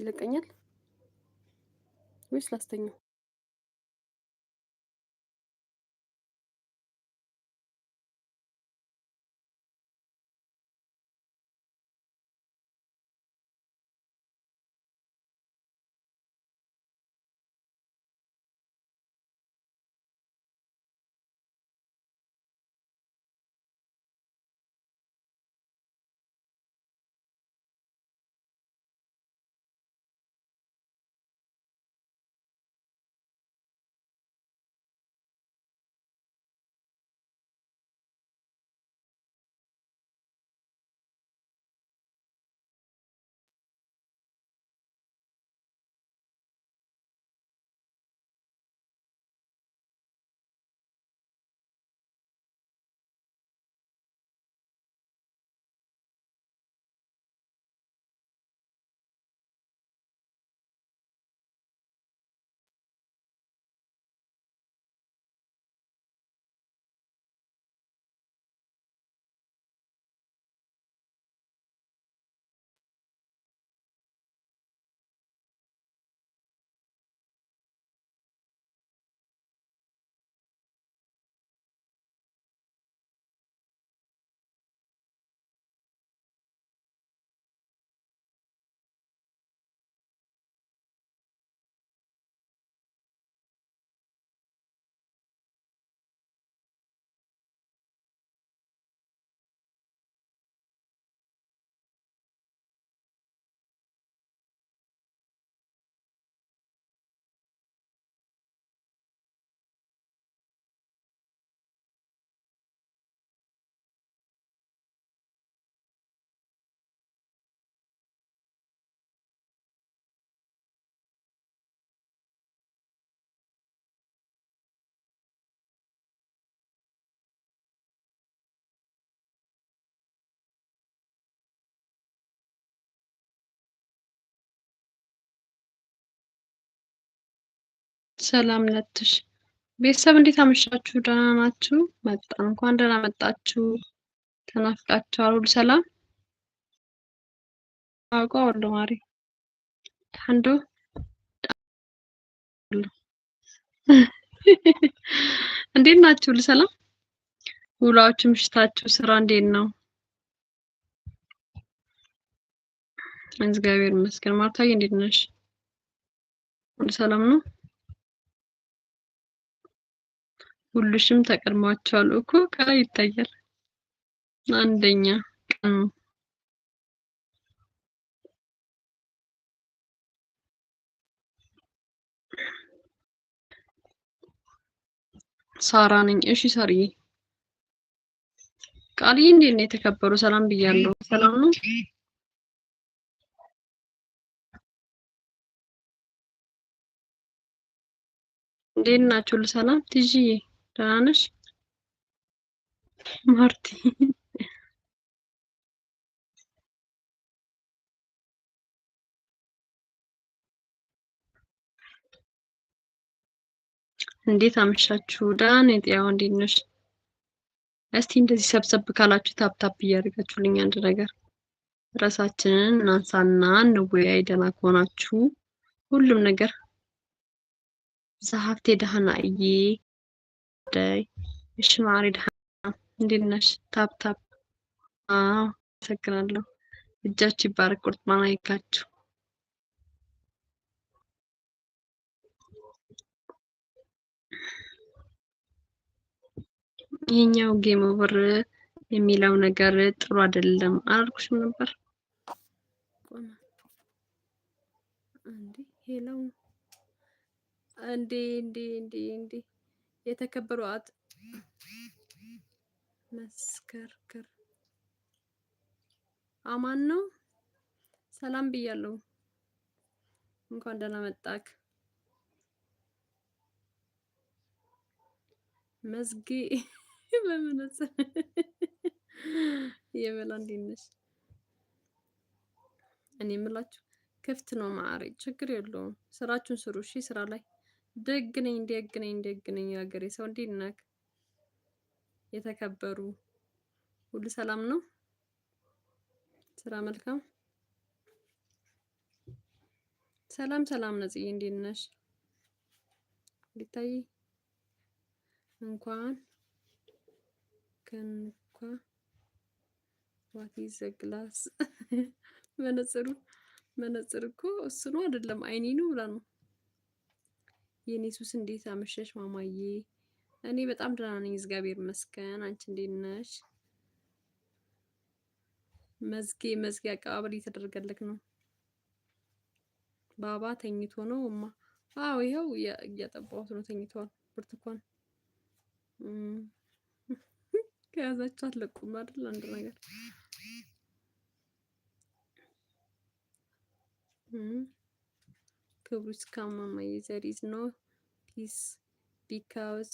ይለቀኛል ወይስ ላስተኛው? ሰላም ነትሽ ቤተሰብ እንዴት አመሻችሁ? ደህና ናችሁ? መጣን እንኳን ደህና መጣችሁ። ተናፍቃችኋል። ሁሉ ሰላም አውቀ ወሎ ማሪ አንዱ እንዴት ናችሁ? ሁሉ ሰላም ውላችሁ፣ ምሽታችሁ፣ ስራ እንዴት ነው? እግዚአብሔር ይመስገን። ማርታዬ እንዴት ነሽ? ሁሉ ሰላም ነው? ሁሉሽም ተቀድሟቸዋል እኮ ከላይ ይታያል። አንደኛ ቀኑ ሳራ ነኝ። እሺ ሳርዬ፣ ቃልዬ እንዴት ነው? የተከበሩ ሰላም ብያለሁ። ሰላም ነው? እንዴት ናችሁ? ልሰላም ትይዥዬ ደህና ነሽ ማርቲ? እንዴት አመሻችሁ? ደህና ነኝ። ጤናው እንዴት ነሽ? እስቲ እንደዚህ ሰብሰብ ካላችሁ ታፕታፕ እያደረጋችሁልኝ አንድ ነገር ርዕሳችንን እናንሳና እንወያይ። ደህና ከሆናችሁ ሁሉም ነገር ጸሐፍቴ ደህና እዬ ጉዳይ። እሺ ማሪ ደህና እንዴት ነሽ? ታፕ አዎ፣ አመሰግናለሁ። እጃችሁ ይባረክ። ቁርጥማን አይካችሁ ይህኛው ጌም ኦቨር የሚለው ነገር ጥሩ አይደለም። አላልኩሽም ነበር? እንዴ እንዴ እንዴ እንዴ እንዴ አጥ መስከርከር አማን ነው። ሰላም ብያለሁ። እንኳን ደህና መጣክ። መዝጌ በመነጽር የበላ እንዴት ነሽ? እኔ የምላችሁ ክፍት ነው ማዕሬ ችግር የለውም። ስራችሁን ስሩ እሺ። ስራ ላይ ደግ ነኝ ደግ ነኝ ደግ ነኝ ሰው እንዴት ነህ? የተከበሩ ሁሉ ሰላም ነው? ስራ መልካም። ሰላም ሰላም ነጽዬ እንዴት ነሽ? ሊታይ እንኳን ከንኳ ዋት ኢዝ ግላስ መነጽሩ መነጽር እኮ እሱ ነው አይደለም አይኒ ነው ብላ ነው የኔሱስ እንዴት አመሸሽ ማማዬ? እኔ በጣም ደህና ነኝ እግዚአብሔር ይመስገን። አንቺ እንዴት ነሽ? መዝጌ መዝጌ አቀባበል እየተደረገልክ ነው። ባባ ተኝቶ ነው እማ? አዎ ይኸው እያጠባሁት ነው። ተኝቷል። ብርቱካን ከያዛችሁ አትለቁም አይደል? አንድ ነገር ክብሩ እስካማማ ዘር ኢዝ ኖ ፒስ ቢካውስ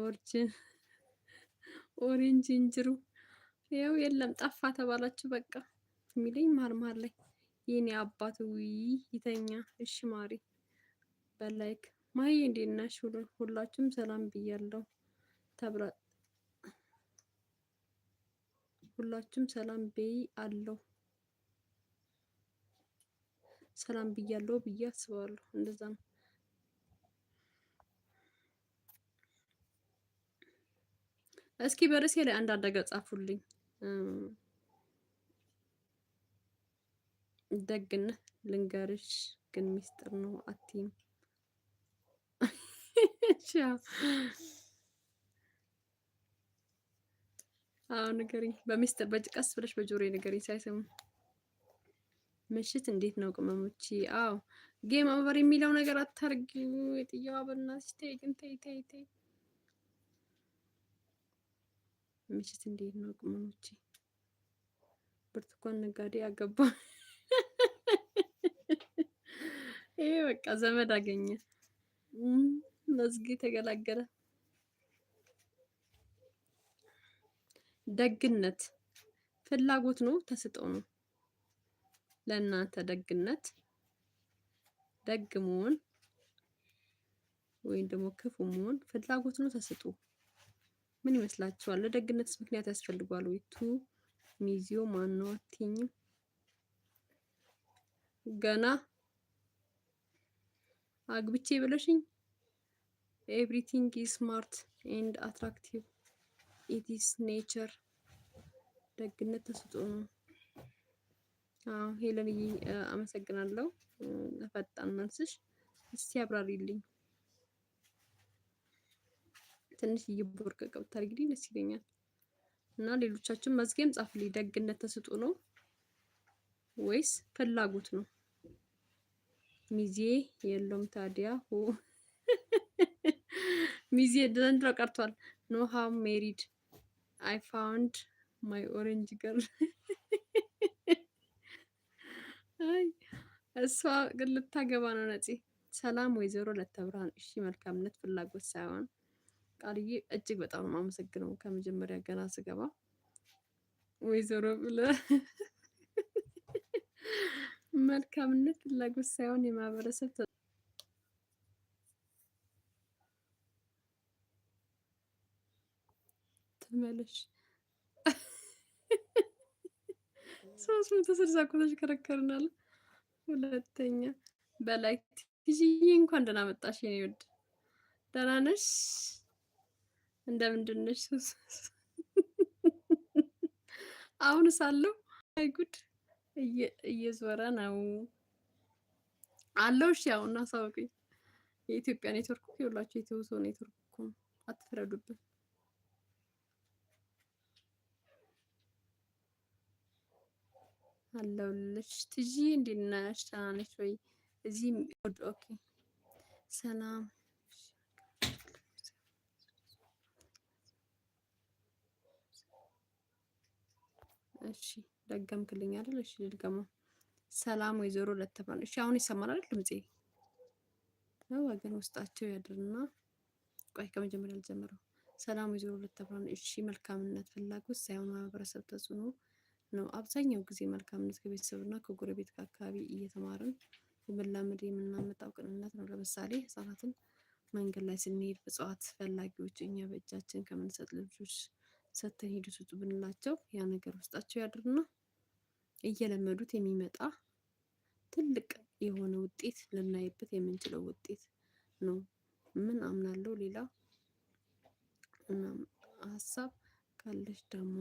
ኦርጅን ኦሬንጅ እንጅሩ ያው የለም ጠፋ ተባላችሁ በቃ የሚለኝ ማርማር ላይ የኔ አባት ውይ ይተኛ። እሺ ማሪ በላይክ ማይ እንዴት ነሽ? ሁላችሁም ሰላም ብያለሁ ተብላ ሁላችሁም ሰላም በይ አለው። ሰላም ብያለሁ ብዬ አስባለሁ። እንደዛ ነው። እስኪ በርዕሴ ላይ አንድ አደጋ ጻፉልኝ። ደግነት ልንገርሽ ግን ሚስጥር ነው አትይም። አዎ ንገሪኝ፣ በሚስጥር በጭቃስ ብለሽ በጆሮዬ ንገሪኝ ሳይሰሙ ምሽት እንዴት ነው ቅመሞች? አዎ ጌም ኦቨር የሚለው ነገር አታርጊው። የጥየዋ በእናትሽ ተይ ግን ተይ ተይ ተይ። ምሽት እንዴት ነው ቅመሞች? ብርቱካን ነጋዴ አገባ። ይሄ በቃ ዘመድ አገኘ፣ መዝጌ ተገላገለ። ደግነት ፍላጎት ነው፣ ተስጦ ነው። ለእናንተ ደግነት ደግ መሆን ወይም ደግሞ ክፉ መሆን ፍላጎት ነው። ተስጡ ምን ይመስላችኋል? ለደግነትስ ምክንያት ያስፈልጓል ወይ? ቱ ሚዚዮ ማኖ ገና አግብቼ ብለሽኝ ኤቭሪቲንግ ኢዝ ስማርት ኤንድ አትራክቲቭ ኢት ኢዝ ኔቸር ደግነት ተስጦ ነው። ሄለን አመሰግናለሁ ለፈጣን መልስሽ። እስቲ አብራሪልኝ ትንሽ እየቦርቅ ቀብታል እንግዲህ ደስ ይለኛል። እና ሌሎቻችን መዝገም ጻፍልኝ። ደግነት ተስጦ ነው ወይስ ፍላጎት ነው? ሚዜ የለውም ታዲያ ሆ ሚዜ ዘንድሮ ቀርቷል። ኖ ሃው ሜሪድ አይ ፋውንድ ማይ ኦሬንጅ ገርል አይ እሷ ግን ልታገባ ነው ነፂ። ሰላም ወይዘሮ ለተብርሃን። እሺ መልካምነት ፍላጎት ሳይሆን ቃልዬ እጅግ በጣም ነው የማመሰግነው። ከመጀመሪያ ገና ስገባ ወይዘሮ ብለ መልካምነት ፍላጎት ሳይሆን የማህበረሰብ ተመለሽ ሶስት መቶ ስልሳ እኮ ተሽከረከርናል። ሁለተኛ በላይ ቲጂዬ እንኳን ደህና መጣሽ የኔ ውድ ደህና ነሽ? እንደምንድን ነሽ? አሁን ሳለው አይ ጉድ እየዞረ ነው አለው። እሺ ያው እናሳውቅኝ የኢትዮጵያ ኔትወርክ ሁላችሁ የተውሶ ኔትወርክ አትፍረዱብን። አለሁልሽ። ትጂ እንዴት ነሽ? ደህና ነሽ ወይ? እዚህ ኦኬ። ሰላም እሺ ደገምክልኝ አይደል? እሺ ልድገመው። ሰላም ወይዘሮ ለተባለ እሺ፣ አሁን ይሰማል አይደል? ድምጼ ነው ወገን ውስጣቸው ያድርና፣ ቆይ ከመጀመሪያ ልጀምረው። ሰላም ወይዘሮ ለተባለ እሺ፣ መልካምነት ፍላጎት ሳይሆን ማህበረሰብ ተጽዕኖ ነው። አብዛኛው ጊዜ መልካምነት ከቤተሰብና ከጎረቤት ከአካባቢ እየተማርን የመላመድ የምናመጣው ቅንነት ነው። ለምሳሌ ህጻናትን መንገድ ላይ ስንሄድ እጽዋት ፈላጊዎች እኛ በእጃችን ከምንሰጥ ልጆች ሰተን ሂዱ ስጡ ብንላቸው ያ ነገር ውስጣቸው ያድርና እየለመዱት የሚመጣ ትልቅ የሆነ ውጤት ልናይበት የምንችለው ውጤት ነው። ምን አምናለው። ሌላ ሀሳብ ካለች ደግሞ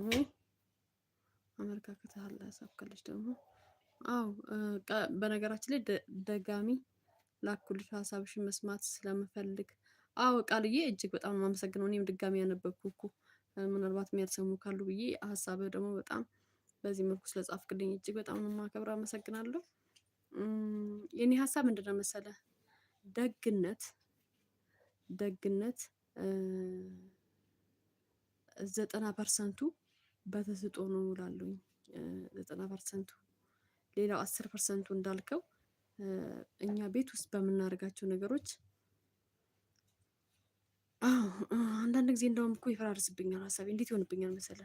አመለካከት አላሳካለች ደግሞ አው በነገራችን ላይ ደጋሚ ላኩልሽ ሀሳብሽን መስማት ስለምፈልግ። አው ቃልዬ እጅግ በጣም የማመሰግነው እኔም ድጋሚ ያነበብኩ እኮ ምናልባት የሚያልሰሙ ካሉ ብዬ ሀሳብህ ደግሞ በጣም በዚህ መልኩ ስለጻፍክልኝ እጅግ በጣም ነው አመሰግናለሁ። የኔ ሀሳብ ምንድን ነው መሰለ ደግነት ደግነት ዘጠና ፐርሰንቱ በተስጦ ነው እላለሁኝ። ዘጠና ፐርሰንቱ ሌላው አስር ፐርሰንቱ እንዳልከው እኛ ቤት ውስጥ በምናደርጋቸው ነገሮች አንዳንድ ጊዜ እንደውም እኮ ይፈራርስብኛል ሀሳቤ። እንዴት ይሆንብኛል መሰለ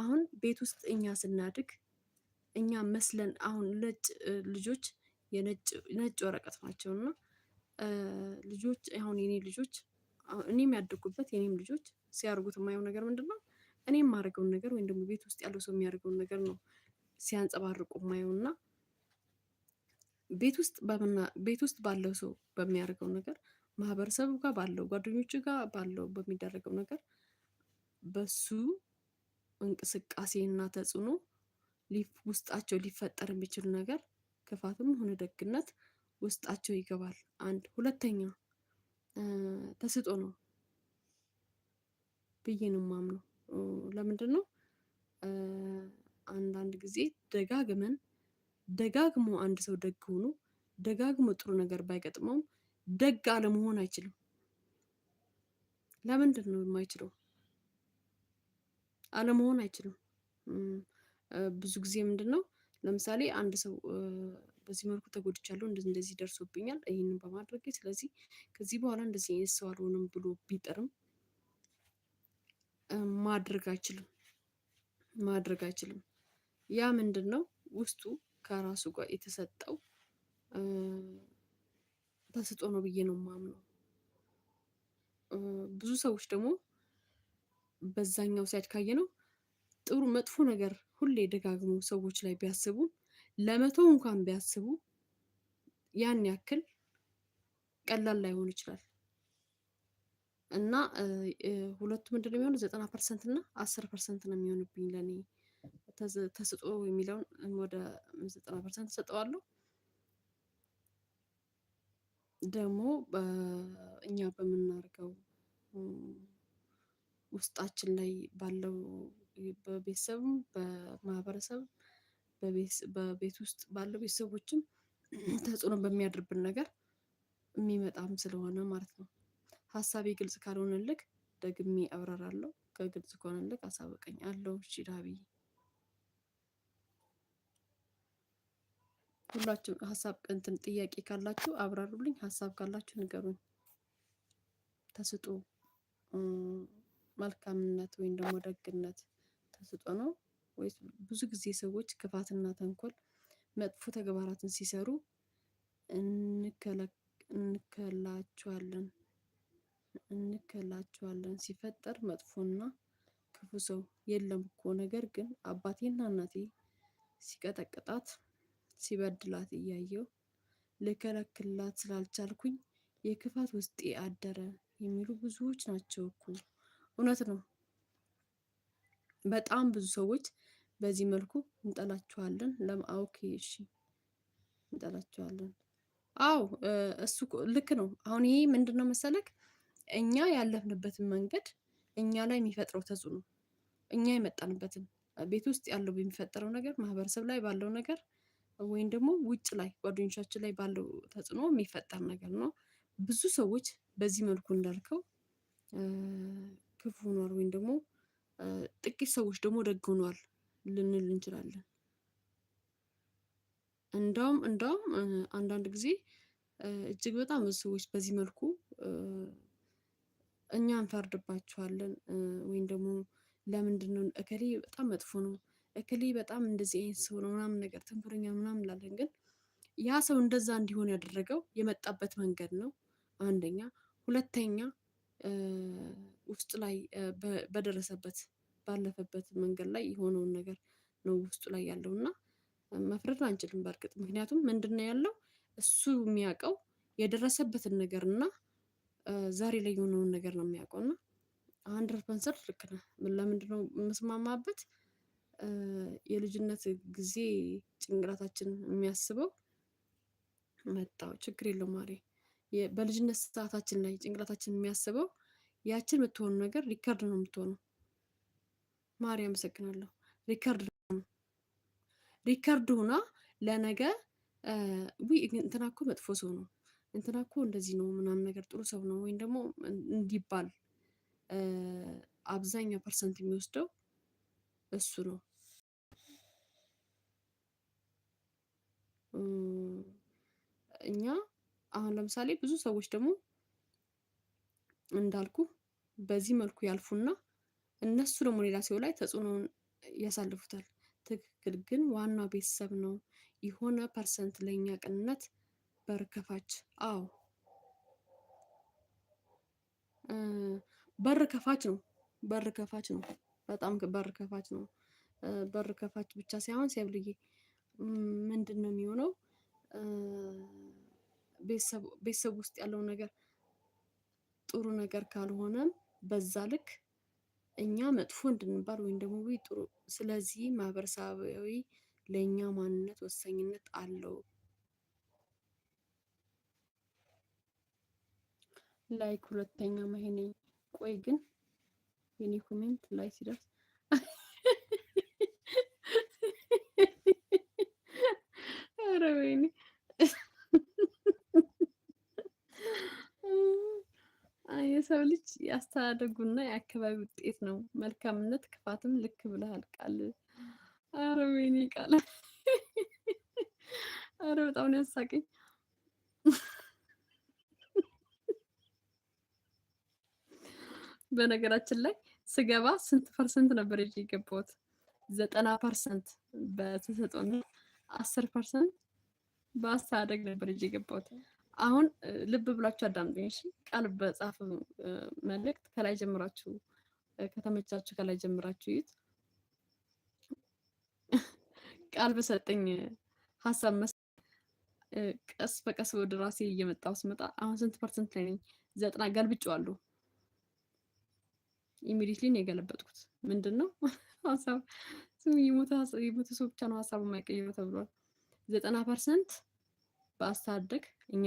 አሁን ቤት ውስጥ እኛ ስናድግ እኛ መስለን አሁን ነጭ ልጆች የነጭ ወረቀት ናቸው እና ልጆች አሁን የኔ ልጆች እኔም ያደግኩበት የኔም ልጆች ሲያርጉት የማየው ነገር ምንድን ነው እኔ የማደርገውን ነገር ወይም ደግሞ ቤት ውስጥ ያለው ሰው የሚያደርገውን ነገር ነው ሲያንጸባርቁ ማየው እና ቤት ውስጥ በምና ቤት ውስጥ ባለው ሰው በሚያደርገው ነገር ማህበረሰቡ ጋር ባለው ጓደኞች ጋር ባለው በሚደረገው ነገር በሱ እንቅስቃሴ እና ተጽዕኖ ውስጣቸው ሊፈጠር የሚችል ነገር ክፋትም ሆነ ደግነት ውስጣቸው ይገባል። አንድ ሁለተኛ ተስጦ ነው ብዬ ነው የማምነው። ለምንድን ነው አንዳንድ ጊዜ ደጋግመን ደጋግሞ አንድ ሰው ደግ ሆኖ ደጋግሞ ጥሩ ነገር ባይገጥመውም ደግ አለመሆን አይችልም። ለምንድን ነው የማይችለው? አለመሆን አይችልም። ብዙ ጊዜ ምንድን ነው ለምሳሌ አንድ ሰው በዚህ መልኩ ተጎድቻለሁ፣ እንደዚህ እንደዚህ ደርሶብኛል፣ ይህንን በማድረግ ስለዚህ ከዚህ በኋላ እንደዚህ አይነት ሰው አልሆንም ብሎ ቢጥርም ማድረግ አይችልም ማድረግ አይችልም። ያ ምንድን ነው ውስጡ ከራሱ ጋር የተሰጠው ተስጦ ነው ብዬ ነው የማምነው። ብዙ ሰዎች ደግሞ በዛኛው ሳይድ ካየ ነው ጥሩ መጥፎ ነገር ሁሌ ደጋግሞ ሰዎች ላይ ቢያስቡ ለመተው እንኳን ቢያስቡ ያን ያክል ቀላል ላይሆን ይችላል። እና ሁለቱ ምንድን ነው የሚሆነው ዘጠና ፐርሰንት እና አስር ፐርሰንት ነው የሚሆንብኝ ለእኔ ተስጦ የሚለውን ወደ ዘጠና ፐርሰንት እሰጠዋለሁ። ደግሞ እኛ በምናደርገው ውስጣችን ላይ ባለው በቤተሰብም በማህበረሰብ በቤት ውስጥ ባለው ቤተሰቦችም ተጽዕኖ በሚያድርብን ነገር የሚመጣም ስለሆነ ማለት ነው። ሀሳቤ ግልጽ ካልሆነልክ ደግሜ አብራራለሁ። ከግልጽ ከሆነልክ አሳውቀኝ አለው። እሺ ዳብዬ፣ ሁላችሁ ሀሳብ ቀንትን ጥያቄ ካላችሁ አብራሩልኝ። ሀሳብ ካላችሁ ንገሩኝ። ተስጦ መልካምነት ወይም ደግሞ ደግነት ተስጦ ነው ወይስ? ብዙ ጊዜ ሰዎች ክፋትና ተንኮል መጥፎ ተግባራትን ሲሰሩ እንከላቸዋለን። እንከላቸዋለን። ሲፈጠር መጥፎና ክፉ ሰው የለም እኮ ነገር ግን አባቴና እናቴ ሲቀጠቅጣት ሲበድላት እያየው ልከለክላት ስላልቻልኩኝ የክፋት ውስጤ አደረ የሚሉ ብዙዎች ናቸው እኮ። እውነት ነው። በጣም ብዙ ሰዎች በዚህ መልኩ እንጠላቸዋለን። ለማኦኬ እሺ፣ እንጠላቸዋለን። አዎ እሱ ልክ ነው። አሁን ይሄ ምንድን ነው መሰለክ እኛ ያለፍንበትን መንገድ እኛ ላይ የሚፈጥረው ተጽዕኖ እኛ የመጣንበትን ቤት ውስጥ ያለው የሚፈጠረው ነገር፣ ማህበረሰብ ላይ ባለው ነገር ወይም ደግሞ ውጭ ላይ ጓደኞቻችን ላይ ባለው ተጽዕኖ የሚፈጠር ነገር ነው። ብዙ ሰዎች በዚህ መልኩ እንዳልከው ክፉ ሆኗል፣ ወይም ደግሞ ጥቂት ሰዎች ደግሞ ደግ ሆኗል ልንል እንችላለን። እንዳውም እንዳውም አንዳንድ ጊዜ እጅግ በጣም ብዙ ሰዎች በዚህ መልኩ እኛ እንፈርድባቸዋለን ወይም ደግሞ ለምንድን ነው እከሌ በጣም መጥፎ ነው፣ እከሌ በጣም እንደዚህ አይነት ሰው ነው ምናምን ነገር ተንኮለኛ ምናምን እንላለን። ግን ያ ሰው እንደዛ እንዲሆን ያደረገው የመጣበት መንገድ ነው አንደኛ። ሁለተኛ ውስጥ ላይ በደረሰበት ባለፈበት መንገድ ላይ የሆነውን ነገር ነው ውስጡ ላይ ያለው እና መፍረድ አንችልም በእርግጥ ምክንያቱም ምንድን ነው ያለው እሱ የሚያውቀው የደረሰበትን ነገር እና ዛሬ ላይ የሆነውን ነገር ነው የሚያውቀው እና አንድ ፐርሰንት ልክ ነህ። ለምንድን ነው የምስማማበት? የልጅነት ጊዜ ጭንቅላታችን የሚያስበው መጣው ችግር የለው ማሬ። በልጅነት ሰዓታችን ላይ ጭንቅላታችን የሚያስበው ያችን የምትሆኑ ነገር ሪከርድ ነው የምትሆነው። ማሪ አመሰግናለሁ። ሪከርድ ሪከርድ ሁና ለነገ ዊ እንትና እኮ መጥፎ ሰው ነው እንትና እኮ እንደዚህ ነው ምናምን ነገር ጥሩ ሰው ነው ወይም ደግሞ እንዲባል አብዛኛው ፐርሰንት የሚወስደው እሱ ነው። እኛ አሁን ለምሳሌ ብዙ ሰዎች ደግሞ እንዳልኩ በዚህ መልኩ ያልፉና እነሱ ደግሞ ሌላ ሰው ላይ ተጽዕኖውን ያሳልፉታል። ትክክል ግን ዋናው ቤተሰብ ነው። የሆነ ፐርሰንት ለእኛ ቅንነት ነበር ከፋች። አዎ በር ከፋች ነው። በር ከፋች ነው። በጣም በር ከፋች ነው። በር ከፋች ብቻ ሳይሆን ሲያብልዬ ምንድን ነው የሚሆነው? ቤተሰብ ውስጥ ያለው ነገር ጥሩ ነገር ካልሆነም በዛ ልክ እኛ መጥፎ እንድንባል ወይም ደግሞ ጥሩ። ስለዚህ ማህበረሰባዊ ለእኛ ማንነት ወሳኝነት አለው። ላይክ ሁለተኛ ማይኔ ቆይ ግን የኔ ኮሜንት ላይ ሲደርስ ኧረ ወይኔ የሰው ልጅ ያስተዳደጉና የአካባቢ ውጤት ነው። መልካምነት ክፋትም ልክ ብለሃል ቃል ኧረ ወይኔ ቃል ኧረ በጣም ነው ያሳቀኝ። በነገራችን ላይ ስገባ ስንት ፐርሰንት ነበር ይዤ የገባሁት? ዘጠና ፐርሰንት በተሰጠና አስር ፐርሰንት በአስተዳደግ ነበር ይዤ የገባሁት። አሁን ልብ ብላችሁ አዳምጡኝ ቃል በጻፍ መልእክት ከላይ ጀምራችሁ ከተመቻችሁ ከላይ ጀምራችሁ ይዩት። ቃል በሰጠኝ ሀሳብ መስ ቀስ በቀስ ወደ ራሴ እየመጣሁ ስመጣ አሁን ስንት ፐርሰንት ላይ ነኝ? ዘጠና ገልብጬዋለሁ። ኢሚዲትሊ ነው የገለበጥኩት። ምንድን ነው ሀሳብ የሞተ ሰው ብቻ ነው ሀሳብ የማይቀይረው ተብሏል። ዘጠና ፐርሰንት በአስተዳደግ እኛ